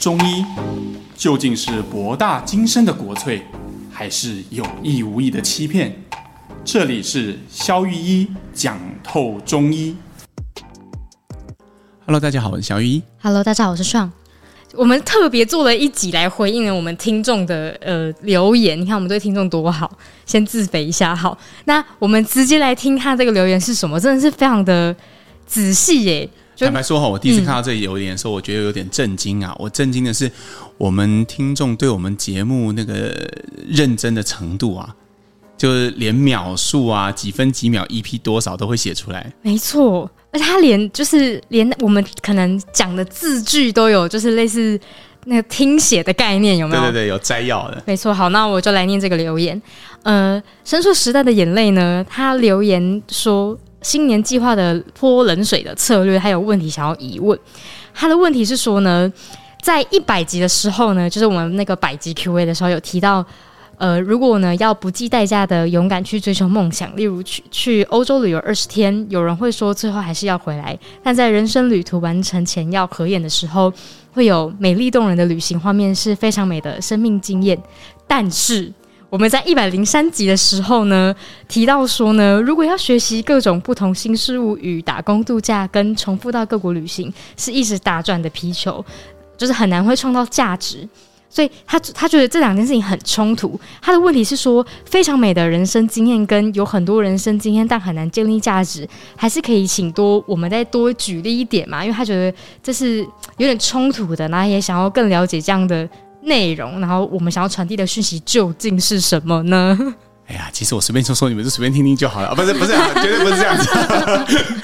中醫究竟是博大精深的國粹，還是有意無意的欺騙？這裡是蕭御醫講透中醫。Hello，大家好，我是蕭御醫。Hello，大家好，我是創。我們特別做了一集來回應了我們聽眾的呃留言。你看，我們對聽眾多好，先自肥一下好。那我們直接來聽他這個留言是什麼？真的是非常的仔細耶。就坦白說哈，我第一次看到這裡留言的時候，嗯、我覺得有點震驚啊！我震驚的是，我們聽眾對我們節目那個認真的程度啊，就是連秒數啊、幾分幾秒、EP 多少都會寫出來。沒錯，而且他連就是連我們可能講的字句都有，就是類似那個聽寫的概念，有沒有？對對對，有摘要的。沒錯，好，那我就來念這個留言。呃，身處時代的眼淚呢，他留言說。新年計劃的潑冷水的策略，還有問題想要疑問。他的問題是說呢，在一百集的時候呢，就是我們那個百集 Q&A 的時候有提到，呃，如果呢要不計代價的勇敢去追求夢想，例如去去歐洲旅遊二十天，有人會說最後還是要回來，但在人生旅途完成前要合眼的時候，會有美麗動人的旅行畫面，是非常美的生命經驗。但是。我們在一百零三集的時候呢，提到說呢，如果要學習各種不同新事物與打工度假跟重複到各國旅行，是一直打轉的皮球，就是很難會創造價值。所以他他覺得這兩件事情很衝突。他的問題是說，非常美的人生經驗跟有很多人生經驗但很難建立價值，還是可以請多我們再多舉例一點嘛？因為他覺得這是有點衝突的，那也想要更了解這樣的。內容，然後我們想要傳遞的訊息究竟是什麼呢？哎呀，其實我隨便說說，你們就隨便聽聽就好了。啊，不是，不是、啊， 絕對不是這樣子。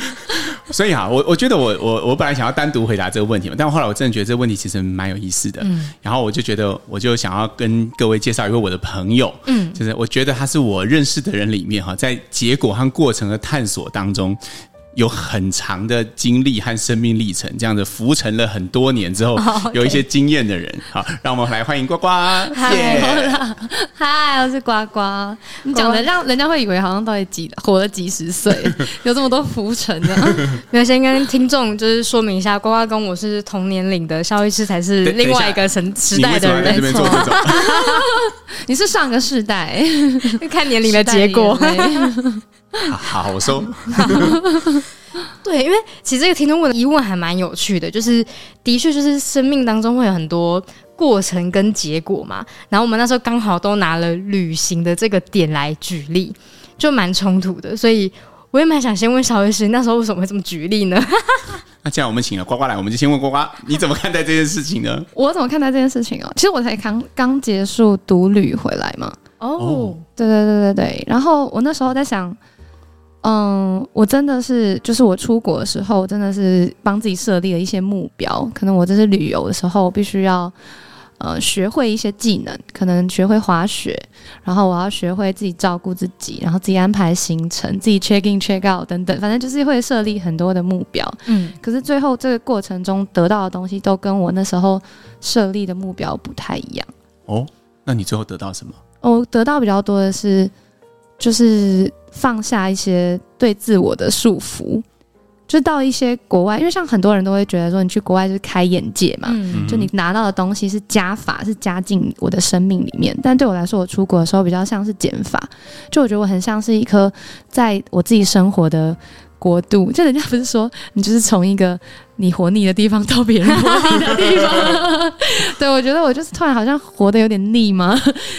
所以哈，我我覺得我我我本來想要單獨回答這個問題嘛，但後來我真的覺得這個問題其實蠻有意思的。嗯、然後我就覺得，我就想要跟各位介紹一位我的朋友。嗯，就是我覺得他是我認識的人裡面哈，在結果和過程的探索當中，有很長的經歷和生命歷程，這樣子浮沉了很多年之後，oh, okay. 有一些經驗的人，好，讓我們來歡迎呱呱。嗨，嗨，我是呱呱。刮你講的讓人家會以為好像到底幾活了幾十歲， 有這麼多浮沉呢？ 沒有先跟聽眾就是說明一下，呱呱跟我是同年齡的，蕭醫師才是另外一個時時代的人，沒錯。你是上個世代， 看年齡的結果。 好，好，我說。啊、 對，因為其實這個聽眾問的疑問還蠻有趣的，就是的確就是生命當中會有很多過程跟結果嘛。然後我們那時候剛好都拿了旅行的這個點來舉例，就蠻衝突的。所以我也蠻想先問蕭御醫，那時候為什麼會這麼舉例呢？ 那既然我們請了呱呱來，我們就先問呱呱，你怎麼看待這件事情呢？我怎麼看待這件事情哦？其實我才剛剛結束獨旅回來嘛。哦、oh,，oh. 對對對對對。然後我那時候在想。嗯，我真的是，就是我出國的時候，真的是幫自己設立了一些目標。可能我這次旅遊的時候，必須要，呃，學會一些技能，可能學會滑雪，然後我要學會自己照顧自己，然後自己安排行程，自己 check in check out 等等，反正就是會設立很多的目標。嗯，可是最後這個過程中得到的東西都跟我那時候設立的目標不太一樣。哦，那你最後得到什麼？我得到比較多的是。就是放下一些對自我的束縛，就到一些國外。因為像很多人都會覺得說，你去國外就是開眼界嘛。嗯，就你拿到的東西是加法，是加進我的生命裡面。但對我來說，我出國的時候比較像是減法，就我覺得我很像是一顆在我自己生活的。國度，就人家不是說你就是從一個你活膩的地方到別人活膩的地方了嗎？ 對，我覺得我就是突然好像活得有點膩嘛，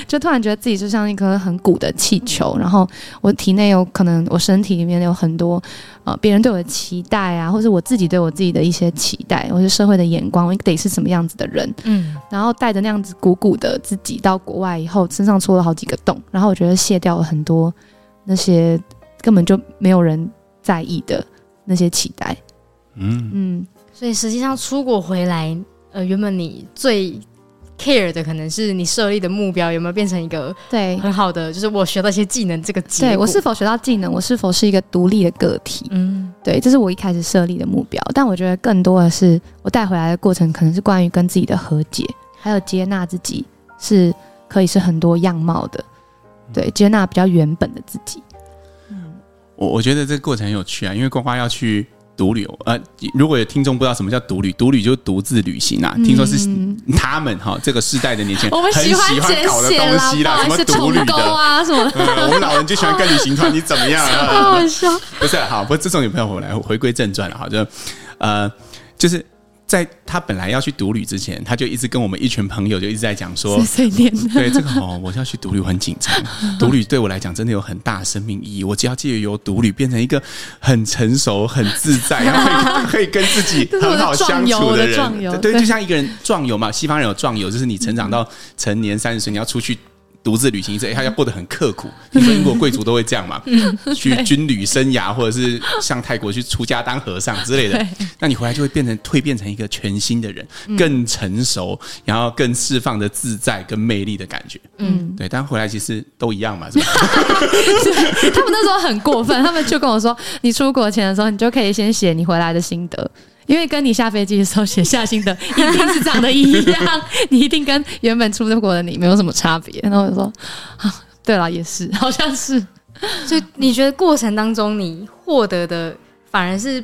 就突然覺得自己就像一顆很鼓的氣球，嗯、然後我體內有可能我身體裡面有很多呃別人對我的期待啊，或者我自己對我自己的一些期待，或是社會的眼光，我得是什麼樣子的人？嗯，然後帶着那樣子鼓鼓的自己到國外以後，身上戳了好幾個洞，然後我覺得卸掉了很多那些根本就沒有人。在意的那些期待，嗯嗯，嗯，所以實際上出國回來，呃，原本你最 care 的可能是你設立的目標有沒有變成一個對，很好的，對，就是我學到一些技能這個，對我是否學到技能，我是否是一個獨立的個體，嗯，對，這是我一開始設立的目標，但我覺得更多的是我帶回來的過程，可能是關於跟自己的和解，還有接納自己是可以是很多樣貌的，對，嗯，接納比較原本的自己。我我覺得這個過程很有趣啊，因為呱呱要去獨旅，呃，如果有聽眾不知道什麼叫獨旅，獨旅就獨自旅行啊。聽說是他們哈這個世代的年輕人很喜歡搞的東西啦，什麼獨旅的啊什麼。我們老人就喜歡跟旅行團，你怎麼樣？啊？好不是好，不是這種女朋友，我來回歸正傳了哈，就呃就是。在他本來要去獨旅之前，他就一直跟我們一群朋友就一直在講說：“這哦、對這個哦，我要去獨旅，我很緊張。獨旅 對我來講真的有很大的生命意義。我只要借由獨旅變成一個很成熟、很自在，然後可以可以跟自己很好，好相處的人。 的的對，對，就像一個人壯遊嘛，西方人有壯遊，就是你成長到成年三十歲，你要出去。”獨自旅行一次，欸、他要過得很刻苦。你說英國貴族都會這樣嘛，去軍旅生涯，或者是上泰國去出家當和尚之類的，那你回來就會變成蛻變成一個全新的人，更成熟，然後更釋放的自在跟魅力的感覺。嗯，對，但回來其實都一樣嘛。是吧？ 是他們那時候很過分，他們就跟我說：“你出國前的時候，你就可以先寫你回來的心得。”因為跟你下飛機的時候寫下心得，一定是長得一樣， 你一定跟原本出國的你沒有什麼差別。 然後我就說、啊、對啦，也是，好像是。所以你覺得過程當中你獲得的反而是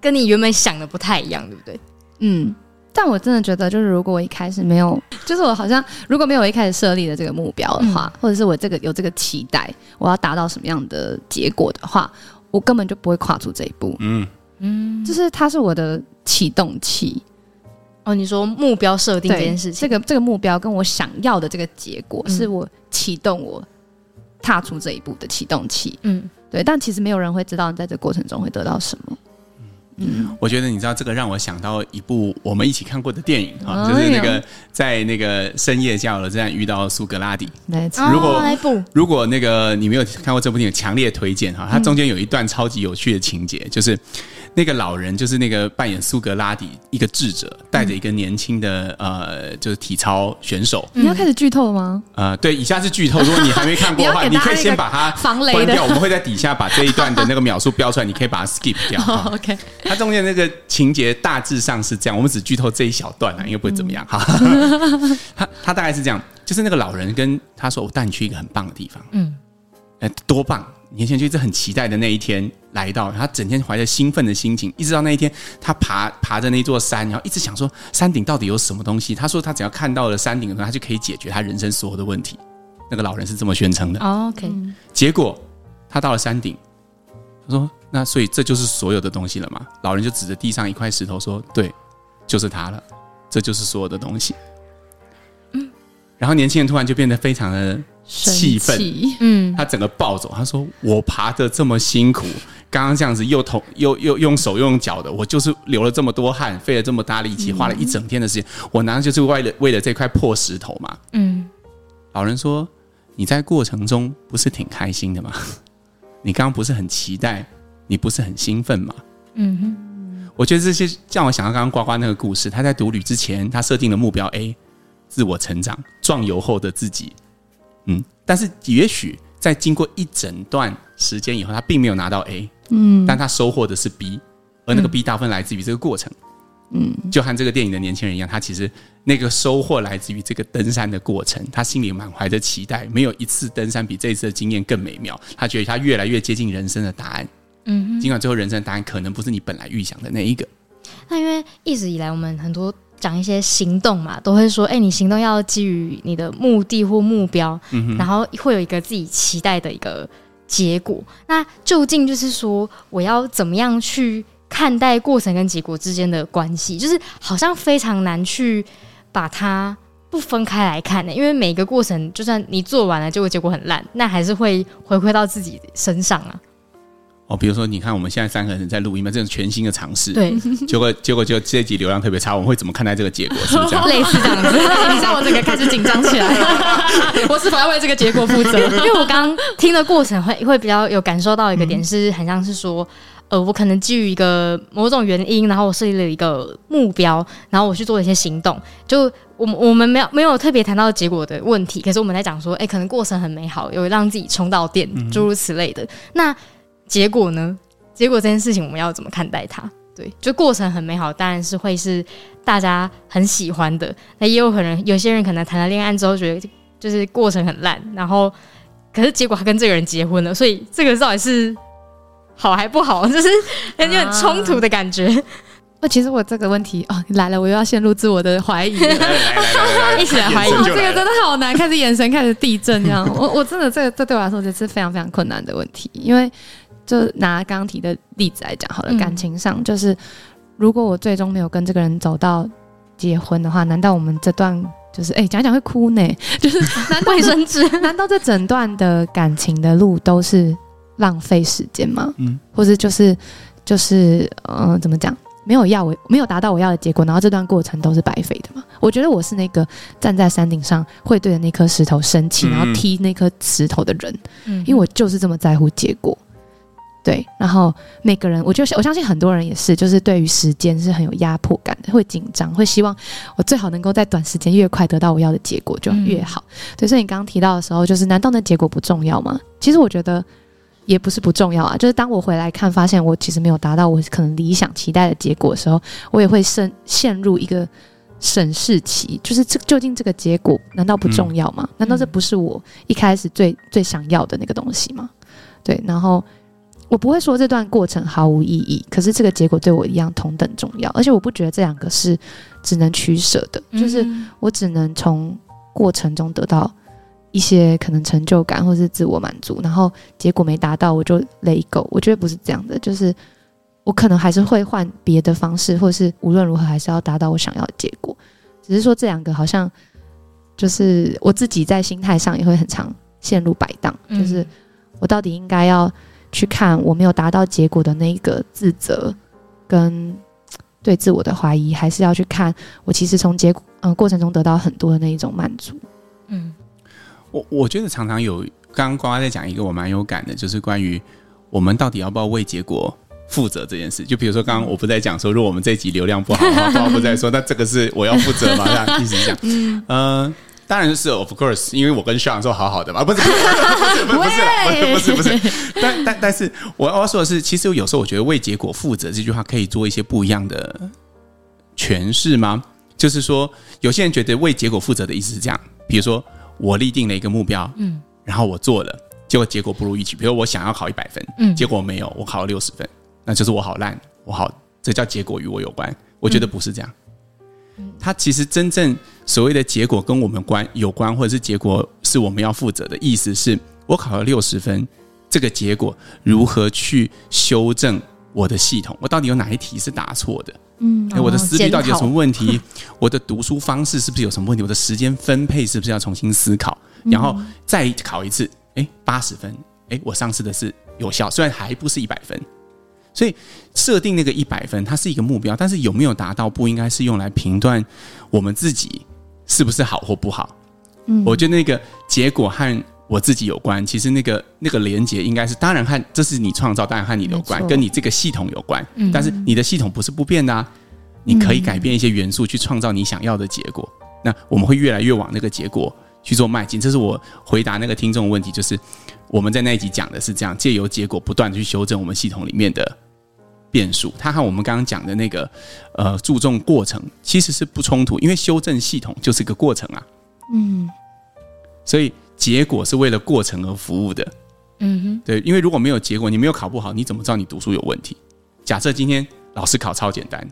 跟你原本想的不太一樣，對不對？嗯。但我真的覺得，就是如果我一開始沒有，就是我好像如果沒有一開始設立的這個目標的話，嗯、或者是我這個有這個期待，我要達到什麼樣的結果的話，我根本就不會跨出這一步。嗯。嗯，就是它是我的啟動器。哦，你說目標設定這件事情，這個這個目標跟我想要的這個結果，嗯、是我啟動我踏出這一步的啟動器。嗯，對，但其實沒有人會知道你在這過程中會得到什麼。我覺得你知道這個，讓我想到一部我們一起看過的電影，就是那個在那個深夜加油站遇到蘇格拉底。沒錯，如果那個你沒有看過這部電影，強烈推薦哈。它中間有一段超級有趣的情節，就是那個老人，就是那個扮演蘇格拉底一個智者，帶着一個年輕的呃，就是體操選手。你要開始劇透嗎？呃，對，以下是劇透。如果你還沒看過的話，你可以先把它關掉。我們會在底下把這一段的那個秒數標出來，你可以把它 skip 掉。OK。他中間那個情節大致上是這樣，我們只劇透這一小段啊，因為不會怎麼樣哈。嗯、 他他大概是這樣，就是那個老人跟他說：“我帶你去一個很棒的地方。”嗯，哎，多棒！年輕人就一直很期待的那一天來到，他整天懷着興奮的心情，一直到那一天，他爬爬着那座山，然後一直想說山頂到底有什麼東西。他說他只要看到了山頂的時候，他就可以解決他人生所有的問題。那個老人是這麼宣稱的。哦、OK，結果他到了山頂，他說。那所以這就是所有的東西了嘛？老人就指着地上一塊石頭說：“對，就是它了，這就是所有的東西。”嗯。然後年輕人突然就變得非常的氣憤，嗯，他整個暴走，他說：“我爬得這麼辛苦，剛剛這樣子又頭又又，又用手又用腳的，我就是流了這麼多汗，費了這麼大力氣，嗯，花了一整天的時間，我難道就是為了為了這塊破石頭嗎？”嗯。老人說：“你在過程中不是挺開心的嗎？你剛剛不是很期待？”你不是很興奮嗎？嗯哼，我覺得這些像我想到剛剛呱呱那個故事，他在獨旅之前，他設定了目標 A，自我成長，壯遊後的自己，嗯，但是也許在經過一整段時間以後，他並沒有拿到 A，嗯，但他收穫的是 B，而那個 B 大部分來自於這個過程，嗯，就和這個電影的年輕人一樣，他其實那個收穫來自於這個登山的過程，他心裡滿懷着期待，沒有一次登山比這一次的經驗更美妙，他覺得他越來越接近人生的答案。嗯，儘管最後人生的答案可能不是你本來預想的那一個，那因為一直以來我們很多講一些行動嘛，都會說，哎、欸，你行動要基於你的目的或目標，嗯、哼然後會有一個自己期待的一個結果。那究竟就是說，我要怎麼樣去看待過程跟結果之間的關係？就是好像非常難去把它不分開來看呢、欸？因為每個過程，就算你做完了，結果結果很爛，那還是會回饋到自己身上啊。哦，比如說，你看我們現在三個人在錄音嘛，這是全新的嘗試。對，結果結果就這集流量特別差，我們會怎麼看待這個結果？是不是類似這樣子，你讓 我整個開始緊張起來 我是否要為這個結果負責？ 因為我剛聽的過程會會比較有感受到一個點是，是、嗯、很像是說，呃，我可能基於一個某種原因，然後我設立了一個目標，然後我去做了一些行動。就我們我們沒有沒有特別談到結果的問題，可是我們在講說，哎、欸，可能過程很美好，有讓自己充到電，諸如此類的。嗯嗯那結果呢？結果這件事情我們要怎麼看待它？對，就過程很美好，當然是會是大家很喜歡的。那也有可能，有些人可能談了戀愛之後，覺得就是過程很爛，然後可是結果還跟這個人結婚了。所以這個到底是好還不好？就是感覺很衝突的感覺。那、啊、其實我這個問題哦、喔、來了，我又要陷入自我的懷疑了 來來來來，一起來懷疑來、喔。這個真的好難，開始眼神開始地震這樣。 我我真的這這對我來說，這是非常非常困難的問題，因為。就拿剛剛提的例子來講好了，嗯、感情上就是，如果我最終沒有跟這個人走到結婚的話，難道我們這段就是哎，講一講會哭呢？就是 難道生氣 難道這整段的感情的路都是浪費時間嗎？嗯，或者就是就是嗯、就是呃，怎麼講？沒有要我，沒有達到我要的結果，然後這段過程都是白費的嗎？我覺得我是那個站在山頂上會對着那顆石頭生氣，嗯、然後踢那顆石頭的人，嗯、因為我就是這麼在乎結果。對，然後每個人，我就我相信很多人也是，就是對於時間是很有壓迫感的，會緊張，會希望我最好能夠在短時間越快得到我要的結果就越好。嗯、對，所以你剛剛提到的時候，就是難道那結果不重要嗎？其實我覺得也不是不重要啊。就是當我回來看發現我其實沒有達到我可能理想期待的結果的時候，我也會深陷入一個審視期，就是這究竟這個結果難道不重要嗎？嗯、難道這不是我一開始最最想要的那個東西嗎？對，然後。我不會說這段過程毫無意義，可是這個結果對我一樣同等重要，而且我不覺得這兩個是只能取捨的，嗯、哼就是我只能從過程中得到一些可能成就感或是自我滿足，然後結果沒達到我就 let go。我覺得不是這樣的，就是我可能還是會換別的方式，或是無論如何還是要達到我想要的結果，只是說這兩個好像就是我自己在心態上也會很常陷入擺盪，就是我到底應該要。去看我沒有達到結果的那一個自責，跟對自我的懷疑，還是要去看我其實從結果呃過程中得到很多的那一種滿足。嗯，我我覺得常常有，剛剛瓜瓜在講一個我蠻有感的，就是關於我們到底要不要為結果負責這件事。就比如說，剛剛我不在講說，如果我們這一集流量不好，好不好，不在說， 那這個是我要負責嘛？意思是這樣，嗯。呃當然是 Of course，因為我跟 Sean 說好好的嘛，不是不是不是不是不是，但但但是，我要說的是，其實有時候我覺得“為結果負責”這句話可以做一些不一樣的詮釋嗎？就是說，有些人覺得“為結果負責”的意思是這樣，比如說我立定了一個目標，嗯，然後我做了，結果結果不如預期。比如我想要考一百分，嗯，結果沒有，我考了六十分，那就是我好爛，我好，這叫結果與我有關。我覺得不是這樣，嗯嗯、他其實真正。所謂的結果跟我們關有關，或者是結果是我們要負責的意思是：我考了六十分，這個結果如何去修正我的系統？我到底有哪一題是答錯的？嗯，欸、後我的思慮到底有什麼問題？解討 我的讀書方式是不是有什麼問題？我的時間分配是不是要重新思考？然後再考一次，誒，八十分，誒、欸，我上次的是有效，雖然還不是一百分，所以設定那個一百分，它是一個目標，但是有沒有達到，不應該是用來評斷我們自己。是不是好或不好？嗯，我覺得那個結果和我自己有關。其實那個那個連結應該是，當然和這是你創造，當然和你有關，沒錯。跟你這個系統有關。嗯，但是你的系統不是不變的啊，你可以改變一些元素去創造你想要的結果。嗯，那我們會越來越往那個結果去做邁進。這是我回答那個聽眾的問題，就是我們在那一集講的是這樣，借由結果不斷去修正我們系統裡面的變數，它和我們剛剛講的那個，呃，注重過程其實是不衝突，因為修正系統就是個過程啊。嗯，所以結果是為了過程而服務的。嗯哼，對，因為如果沒有結果，你沒有考不好，你怎麼知道你讀書有問題？假設今天老師考超簡單。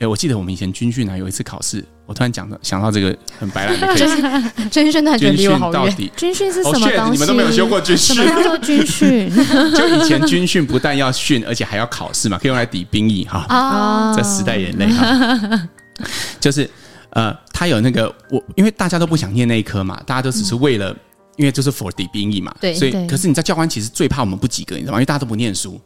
哎、欸，我記得我們以前軍訓啊，有一次考試，我突然講到想到這個很白爛的考試。可以 軍訓呢，軍訓到底 軍訓是什麼東西、oh, shit, 你們都沒有學過軍訓。什麼叫軍訓？ 就以前軍訓不但要訓，而且還要考試嘛，可以用來抵兵役哈。啊，在時代眼淚哈。 就是呃，他有那個我，因為大家都不想念那一科嘛，大家都只是為了，嗯、因為就是 for 抵兵役嘛。對。所以，對可是你知道教官其實最怕我們不及格，你知道嗎？因為大家都不念書。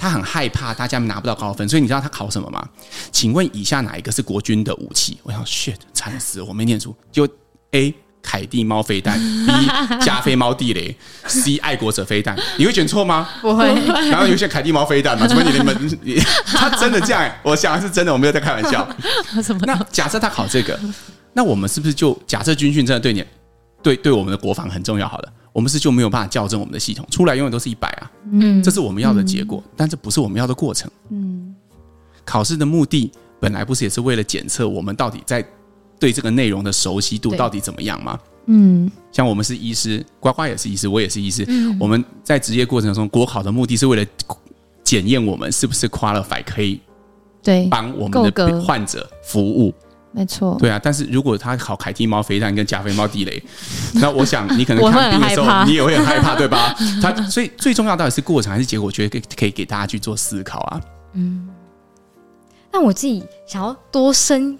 他很害怕大家拿不到高分，所以你知道他考什麼嗎？請問以下哪一個是國軍的武器？我想 shit，慘死我，我沒念出。就 A 凱蒂貓飛彈，B 加菲貓地雷，C 愛國者飛彈。你會選錯嗎？不會。然後有選凱蒂貓飛彈嗎？除非你,你們,你們你他真的這樣、欸？我想是真的，我沒有在開玩笑。什麼那假設他考這個，那我們是不是就假設軍訓真的對你對對我們的國防很重要？好了。我們是就沒有辦法校正我們的系統出來，永遠都是一百啊！嗯，這是我們要的結果，嗯、但這不是我們要的過程。嗯，考試的目的本來不是也是為了檢測我們到底在對這個內容的熟悉度到底怎麼樣嗎？嗯，像我們是醫師，呱呱也是醫師，我也是醫師。嗯、我們在職業過程中，國考的目的是為了檢驗我們是不是 qualified，對，可以幫我們的患者服務。沒錯，對啊，但是如果他考凱蒂貓飛彈跟加菲貓地雷， 那我想你可能看病的時候你也會很害怕，對吧？他所以最重要的到底是過程還是結果，我覺得可以給大家去做思考啊。嗯，那我自己想要多深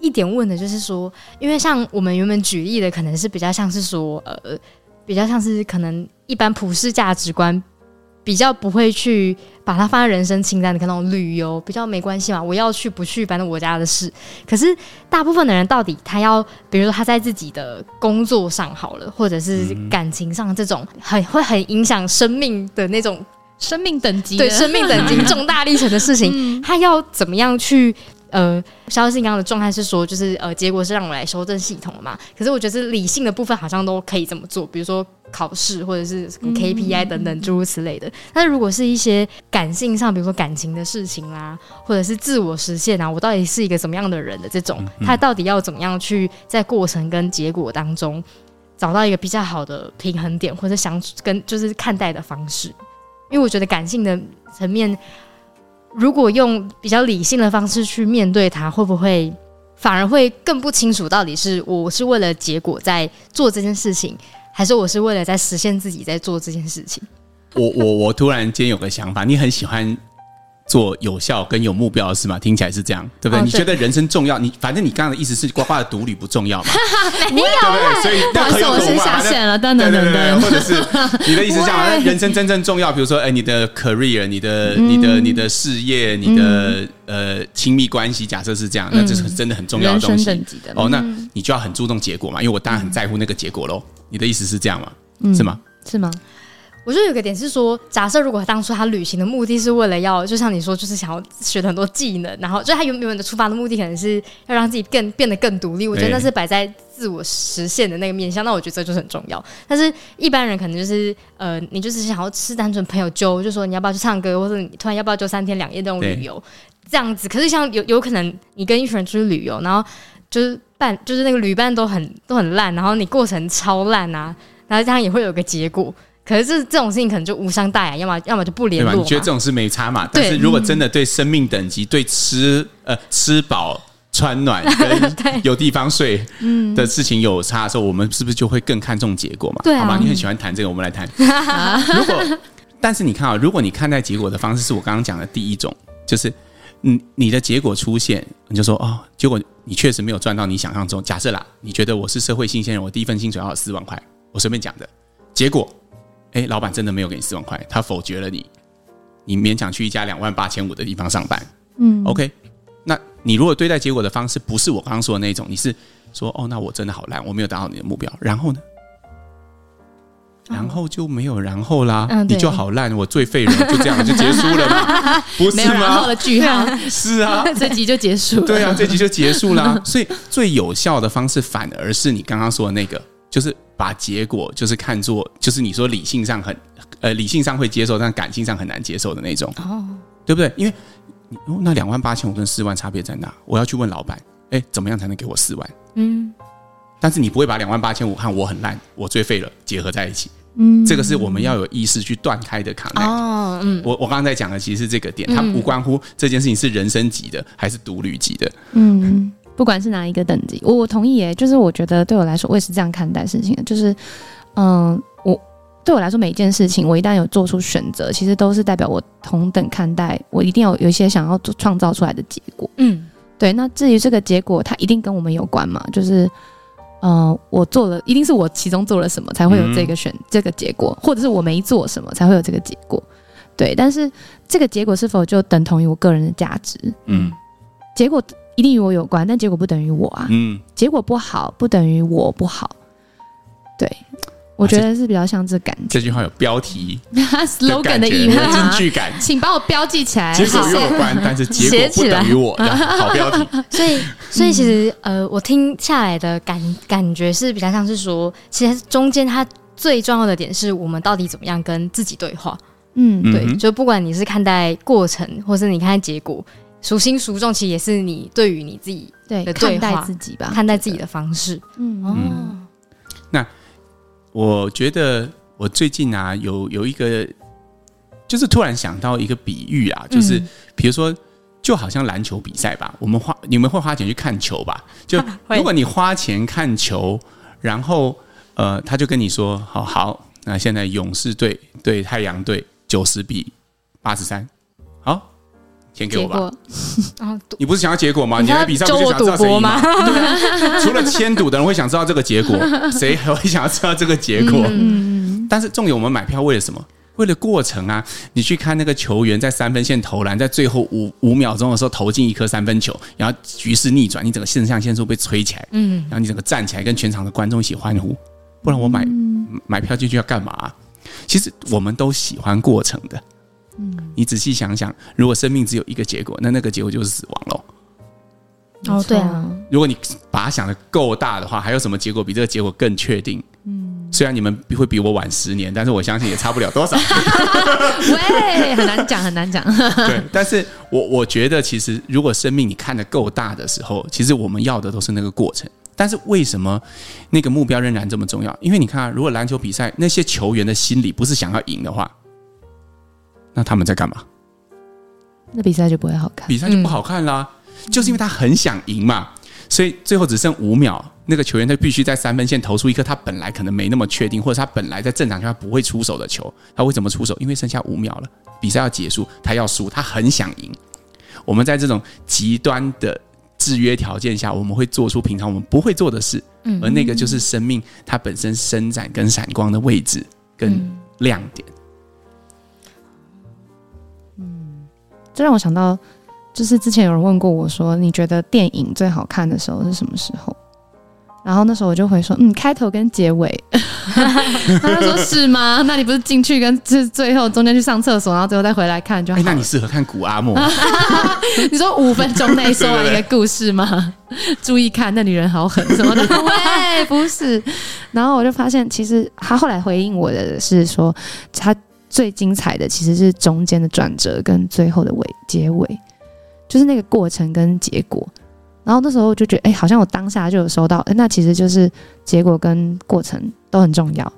一點問的就是說，因為像我們原本舉例的，可能是比較像是說呃，比較像是可能一般普世價值觀。比較不會去把它放在人生清單的，看那種旅遊比較沒關係嘛，我要去不去，反正我家的事。可是大部分的人，到底他要，比如說他在自己的工作上好了，或者是感情上這種很會很影響生命的那種生命等級，嗯，對生命等級重大歷程的事情，嗯、他要怎麼樣去？呃，蕭醫師剛剛的狀態是說，就是呃，結果是讓我來修正系統嘛？可是我覺得理性的部分好像都可以這麼做，比如說考試或者是 KPI 等等，嗯、諸如此類的。但如果是一些感性上，比如說感情的事情啦、啊，或者是自我實現啊，我到底是一個什麼樣的人的這種，他到底要怎麼樣去在過程跟結果當中找到一個比較好的平衡點，或者想跟就是看待的方式？因為我覺得感性的層面。如果用比較理性的方式去面對他，會不會反而會更不清楚到底是我是為了結果在做這件事情，還是我是為了在實現自己在做這件事情？我我我突然間有個想法，你很喜歡。做有效跟有目標的事嘛，聽起來是這樣，對不對？你覺得人生重要？你反正你剛剛的意思是，呱呱的獨立不重要，嘛。沒有，對不對？所以是我先下線了，等等等，或者是你的意思是這樣，人生真正重要，比如說，哎，你的 career，你的、你的、你的事業，你的呃親密關係，假設是這樣，那這是真的很重要的東西。哦，那你就要很注重結果嘛，因為我當然很在乎那個結果嘍。你的意思是這樣嘛？是嗎？是嗎？我覺得有個點是說，假設如果當初他旅行的目的是為了要，就像你說，就是想要學很多技能，然後就他原本的出發的目的可能是要讓自己更變得更獨立。我覺得那是擺在自我實現的那個面向，欸、那我覺得這就是很重要。但是一般人可能就是呃，你就是想要吃單純朋友揪就說你要不要去唱歌，或者你突然要不要就三天兩夜那種旅遊，欸、這樣子。可是像有有可能你跟一群人出去旅遊，然後就是辦，就是那個旅伴都很都很爛，然後你過程超爛啊，然後這樣也會有個結果。可是，這種事情可能就無傷大雅、啊，要麼要麼就不聯絡，對吧？你覺得這種事沒差嘛？對但是如果真的對生命等級、對吃呃吃飽、穿暖、跟有地方睡的事情有差的時候， 嗯、我們是不是就會更看重結果嘛？對、啊，好吧？你很喜歡談這個，我們來談。 啊、如果但是你看啊、哦，如果你看待結果的方式是我剛剛講的第一種，就是你你的結果出現，你就說哦，結果你確實沒有賺到你想象中。假設啦、啊，你覺得我是社會新鮮人，我第一份薪水要四萬塊，我隨便講的結果。哎，老闆真的沒有給你四萬塊，他否決了你，你勉強去一家兩萬八千五的地方上班。嗯，OK，那你如果對待結果的方式不是我剛剛說的那種，你是說哦，那我真的好爛，我沒有達到你的目標，然後呢，哦、然後就沒有然後啦，嗯、你就好爛，我最廢人，就這樣就結束了嗎？嗯、不是嗎？然後的句號、啊，是啊，這集就結束了。對啊，這集就結束了。嗯、所以最有效的方式反而是你剛剛說的那個，就是。把結果就是看作就是你說理性上很呃理性上會接受，但感性上很難接受的那種哦，oh. 對不對？因為、哦、那兩萬八千五跟四萬差別在哪？我要去問老板，哎，怎麼樣才能給我四萬？嗯，但是你不會把兩萬八千五看我很爛，我最廢了，結合在一起，嗯，這個是我們要有意識去斷開的卡。哦、oh, 嗯，我我剛才講的其實是這個點，它不關乎這件事情是人生級的還是獨旅級的，嗯。嗯不管是哪一個等級，我同意耶、欸。就是我覺得對我來說，我也是這樣看待事情的。就是，嗯、呃，我對我來說每一件事情，我一旦有做出選擇，其實都是代表我同等看待。我一定要有一些想要做創造出來的結果。嗯，對。那至於這個結果，它一定跟我們有關嘛？就是，嗯、呃，我做了，一定是我其中做了什麼才會有這個選、嗯、這個結果，或者是我沒做什麼才會有這個結果。對。但是這個結果是否就等同於我個人的價值？嗯，結果。一定與我有關，但結果不等於我啊。嗯，結果不好不等於我不好。對，啊、我覺得是比較像這感覺。這,這句話有標題 s l o 的意味啊。有感，請把我標記起來。結果有關，好寫但是結果不等於我。好標題。所以，所以其實呃，我聽下來的感感覺是比較像是說，其實中間它最重要的點是我們到底怎麼樣跟自己對話。嗯，對。嗯、哼就不管你是看待過程，或是你看待結果。孰輕孰重，其實也是你對於你自己對，對看待自己吧，看待自己的方式。嗯，哦、嗯，那我覺得我最近啊，有有一個就是突然想到一個比喻啊，就是比，嗯、如說，就好像籃球比賽吧，我們花你們會花錢去看球吧？就會，如果你花錢看球，然後呃，他就跟你說，好好，那現在勇士隊對太陽隊九十比八十三。先給我吧，你不是想要結果嗎？你來比賽不就想要知道誰嗎？啊、除了簽賭的人會想知道這個結果，誰還會想要知道這個結果？但是重點，我們買票為了什麼？為了過程啊！你去看那個球員在三分線投籃，在最後五五秒鐘的時候投進一顆三分球，然後局勢逆轉，你整個腎上腺素被吹起來，然後你整個站起來跟全場的觀眾一起歡呼。不然我買買票進去要幹嘛、啊？其實我們都喜歡過程的。嗯，你仔細想想，如果生命只有一個結果，那那個結果就是死亡嘍。哦，對啊。如果你把它想得夠大的話，還有什麼結果比這個結果更確定？嗯，雖然你們會比我晚十年，但是我相信也差不了多少。喂，很難講，很難講。 對，但是我我覺得，其實如果生命你看得夠大的時候，其實我們要的都是那個過程。但是為什麼那個目標仍然這麼重要？因為你看啊，如果籃球比賽那些球員的心理不是想要贏的話，那他們在幹嘛？那比賽就不會好看，比賽就不好看啦、啊。嗯、就是因為他很想贏嘛，所以最後只剩五秒，那個球員他必須在三分線投出一顆他本來可能沒那麼確定，或者他本來在正常情況下不會出手的球，他會怎麼出手？因為剩下五秒了，比賽要結束，他要輸，他很想贏。我們在這種極端的制約條件下，我們會做出平常我們不會做的事，而那個就是生命它本身伸展跟閃光的位置跟亮點。嗯嗯這讓我想到，就是之前有人問過我說：“你覺得電影最好看的時候是什麼時候？”然後那時候我就會說：“嗯，開頭跟結尾。 ”他說：“ 是嗎？那你不是進去跟最最後中間去上廁所，然後最後再回來看就好？”就哎、欸，那你適合看《古阿莫》 你說五分鐘內說完一個故事嗎？對對對，注意看，那女人好狠什麼的。不會， 不是。然後我就發現，其實他後來回應我的是說他。最精彩的其實是中間的轉折跟最後的尾結尾，就是那個過程跟結果。然後那時候我就覺得，哎，欸，好像我當下就有收到，欸，那其實就是結果跟過程都很重要。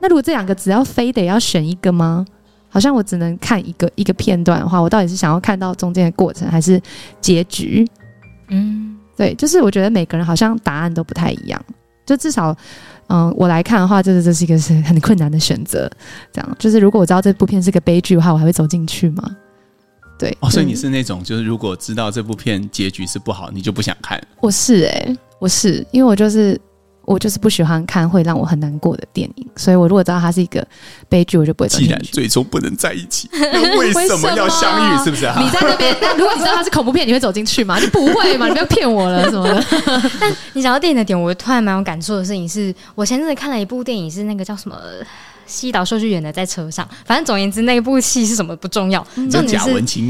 那如果這兩個只要非得要選一個嗎？好像我只能看一個一個片段的話，我到底是想要看到中間的過程還是結局？嗯，對，就是我覺得每個人好像答案都不太一樣。就至少，嗯，我來看的話，就是這是一個很困難的選擇。這樣，就是如果我知道這部片是個悲劇的話，我還會走進去嗎？對，哦，所以你是那種，就是如果知道這部片結局是不好，你就不想看。我是哎、欸，我是，因為我就是。我就是不喜歡看會讓我很難過的電影，所以我如果知道它是一個悲劇，我就不會走進去。既然最終不能在一起，又為什麼要相遇？ 是不是、啊？你在那邊？那如果你知道它是恐怖片，你會走進去嗎？你不會嗎？你不要騙我了，什麼的？ 但你講到電影的點，我突然蠻有感觸的事情是，我前陣子看了一部電影，是那個叫什麼西島秀俊演的，在車上。反正總而言之，那部戲是什麼不重要，重點、嗯、是。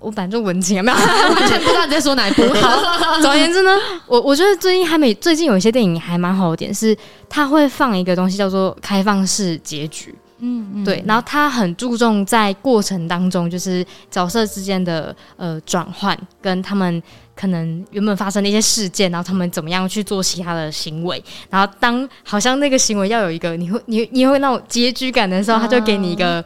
我反正文靜，沒有完全不知道你在說哪一部。好，總而言之呢，我我覺得最近還沒，最近有一些電影還蠻好的點是，他會放一個東西叫做開放式結局。嗯，嗯，對。然後他很注重在過程當中，就是角色之間的呃轉換，跟他們可能原本發生的一些事件，然後他們怎麼樣去做其他的行為。然後當好像那個行為要有一個你會你你會那種結局感的時候，他就給你一個。哦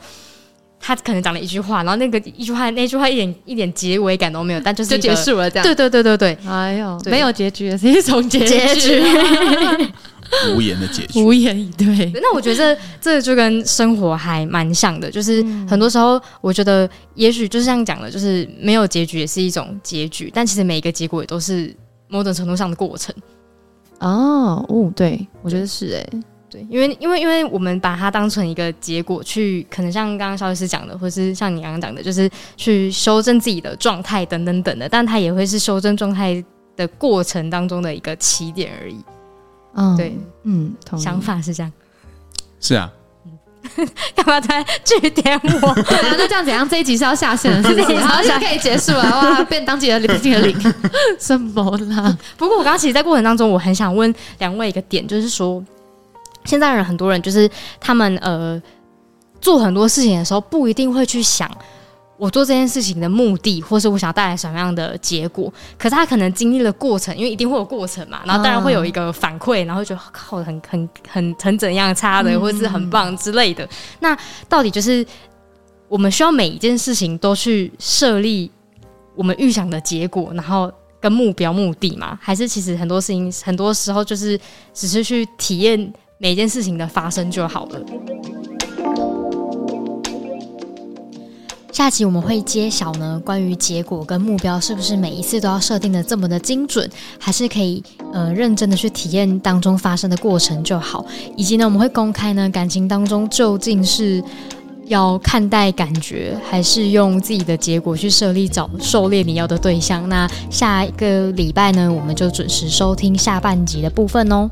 他可能講了一句話，然後那個一句話，那句話一點一點結尾感都沒有，但就是就結束了，這樣。對對對對對，哎呦，對沒有結局也是一種結局，結局 無言的結局，無言以對，對。那我覺得這，這就跟生活還蠻像的，就是很多時候，我覺得也許就是這樣講的，就是沒有結局也是一種結局，但其實每一個結果也都是某種程度上的過程。哦，哦，對，我覺得是誒、欸。對，因為因為因為我們把它當成一個結果去，可能像剛剛蕭醫師講的，或是像你剛剛講的，就是去修正自己的狀態等等等等的，但它也會是修正狀態的過程當中的一個起點而已。嗯，對，嗯，想法是這樣。是啊。幹、嗯、 嘛在句點我？那 這樣怎樣？ 這一集是要下線了，是 這樣嗎？可以結束了？哇， 變當自己的自己的領 什麼了啦？不過我剛剛其實，在過程當中，我很想問兩位一個點，就是說。現在人很多人就是他們呃做很多事情的時候，不一定會去想我做這件事情的目的，或是我想帶來什麼樣的結果。可是他可能經歷了過程，因為一定會有過程嘛，然後當然會有一個反饋，啊、然後就靠得很很很很怎樣差的，嗯、或是很棒之類的。那到底就是我們需要每一件事情都去設立我們預想的結果，然後跟目標、目的嘛？還是其實很多事情很多時候就是只是去體驗？每件事情的發生就好了。下集我們會揭曉呢，關於結果跟目標是不是每一次都要設定的這麼的精準，還是可以呃認真的去體驗當中發生的過程就好。以及呢，我們會公開呢，感情當中究竟是要看待感覺，還是用自己的結果去設立找狩獵你要的對象。那下一個禮拜呢，我們就準時收聽下半集的部分喔。